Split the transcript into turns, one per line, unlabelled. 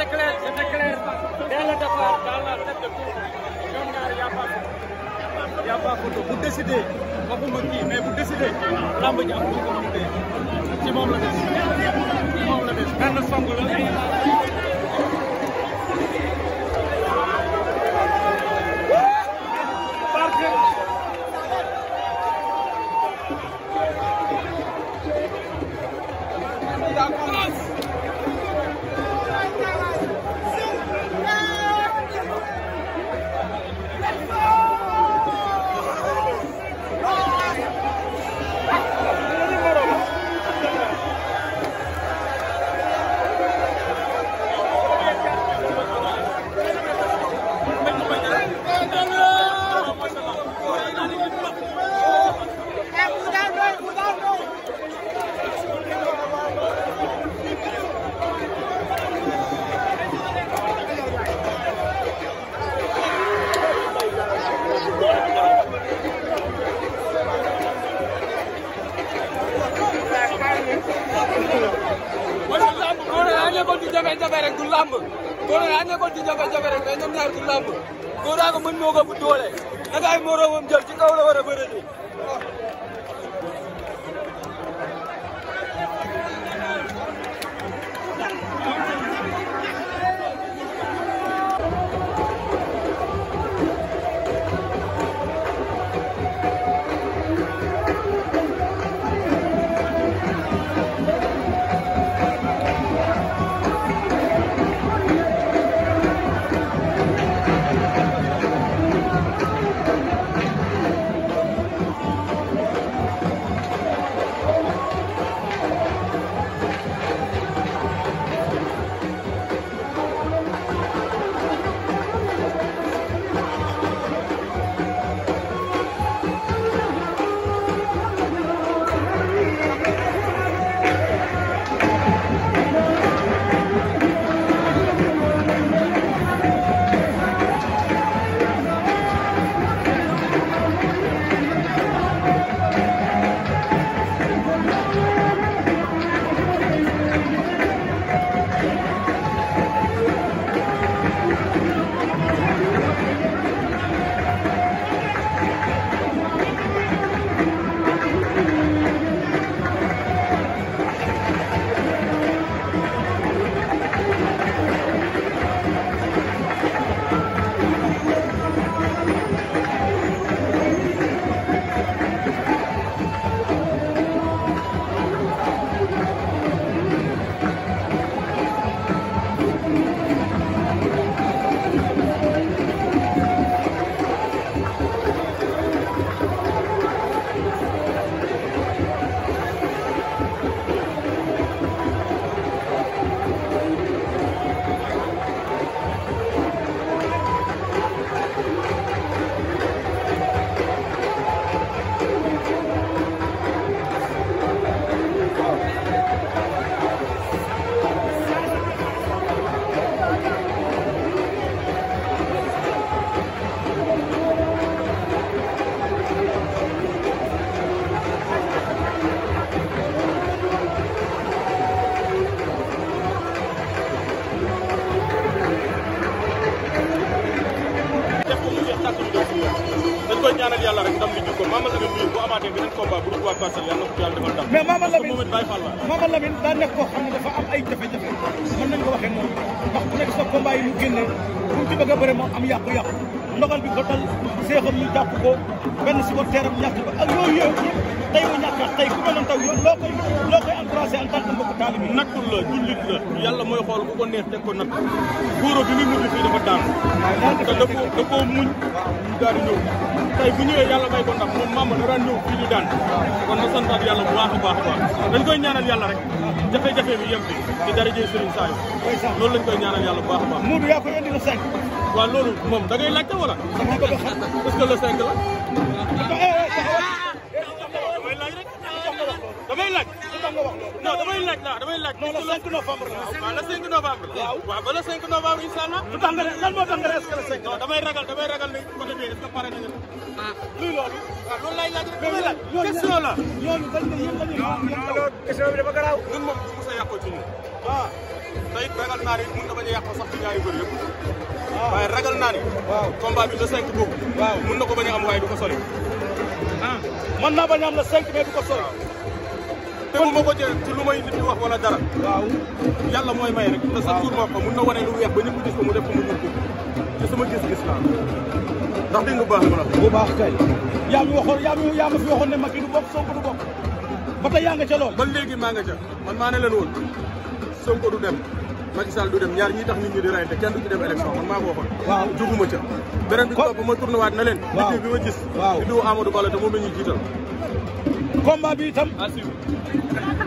éclair, cet éclair, dès le départ, dans la tête de course, ñoom ñaar y a pas photo. Y a pas photo bu décidé waxuma kii mais bu décidé lamb ji am ko am tey ci moom la des ci moom la des benn song la. wala làmb góor yaa nekkoon ci jafe-jafe rek du làmb góor yaa nekkoon ci jafe-jafe rek du làmb góor ko mën moo ko bu doole naka ay moroomam jël ci kaw la war a bëre ñaanal yàlla rek ndam li jikko Mama Lamine bi bu amaatee beneen combat bu na ko yàlla defal ndam mais Mama Lamine moom it Baye Fall am ay jafe-jafe mën nañ ko waxee noonu ndax bu nekk sa combat yi mu génne pour ci bëgg a bëre moom am yàqu ndogal bi ko dal seexam ñu jàpp ko benn supporteram ñàkk ba ak yooyu yëpp tey mu ñàkkaat tey ku meloon taw loo koy loo yàlla ko neex teg ko natt buuro bi muy mujj fii dafa daan te da koo da koo muñ mu daal bu ñëwee baax a baax a koy ñaanal yàlla bu baax a baax Modou yaa ko indi na cinq waaw loolu moom da ngay laajte la est-ce que le 5 la. damay laaj. non damay laaj la damay laaj. non le 5 novembre la. waaw le 5 novembre la. waaw ba le 5 novembre incha allah. lu tax nga ne lan moo tax nga ne est-ce que le 5. non damay ragal damay ragal ni côté bi est-ce que pare nañu ko. ah luy loolu. waaw loolu laay laaj rek damay laaj. question la. ñooñu dañ ne yéen dañuy. non non question bi dafa garaaw. ñun moom mos a yàqoo ci ñun. waaw. Ah. tey ragal naa rek mun na bañ a yàqoo sax ci gars yu bëri yëpp. waaye ragal naa ni. waaw combat bi le 5 boobu. waaw mun na ko bañ am waaye du ko sori. ah mën naa bañ a am le 5 mais du ko sori. te bu ma ko jëlee ci lu may nit ñi wax wala dara. waaw yàlla mooy may rek. waaw te chaque jour moo ko mun na wane lu weex ba ñëpp gis ko mu def ko mu ñuul ko te sama gis-gis laa ndax dégg nga baax ma nag. bu baax kay yaa ngi waxoon yaa ngi yaa ma fi waxoon ne Macky du bokk Sonko du bokk ba tey yaa nga ca lool. ba léegi maa nga ca ma maa ne leen woon Sonko du dem. Macky Sall du dem ñaar ñi tax nit ñi di rayante kenn du ci dem élection man ma ko waxoon. waaw juguma ca. beneen bi topp ma tourné waat na leen. waaw bi ma gis. waaw di Amadou Ba la te moom la ñuy jiital. combat bi itam.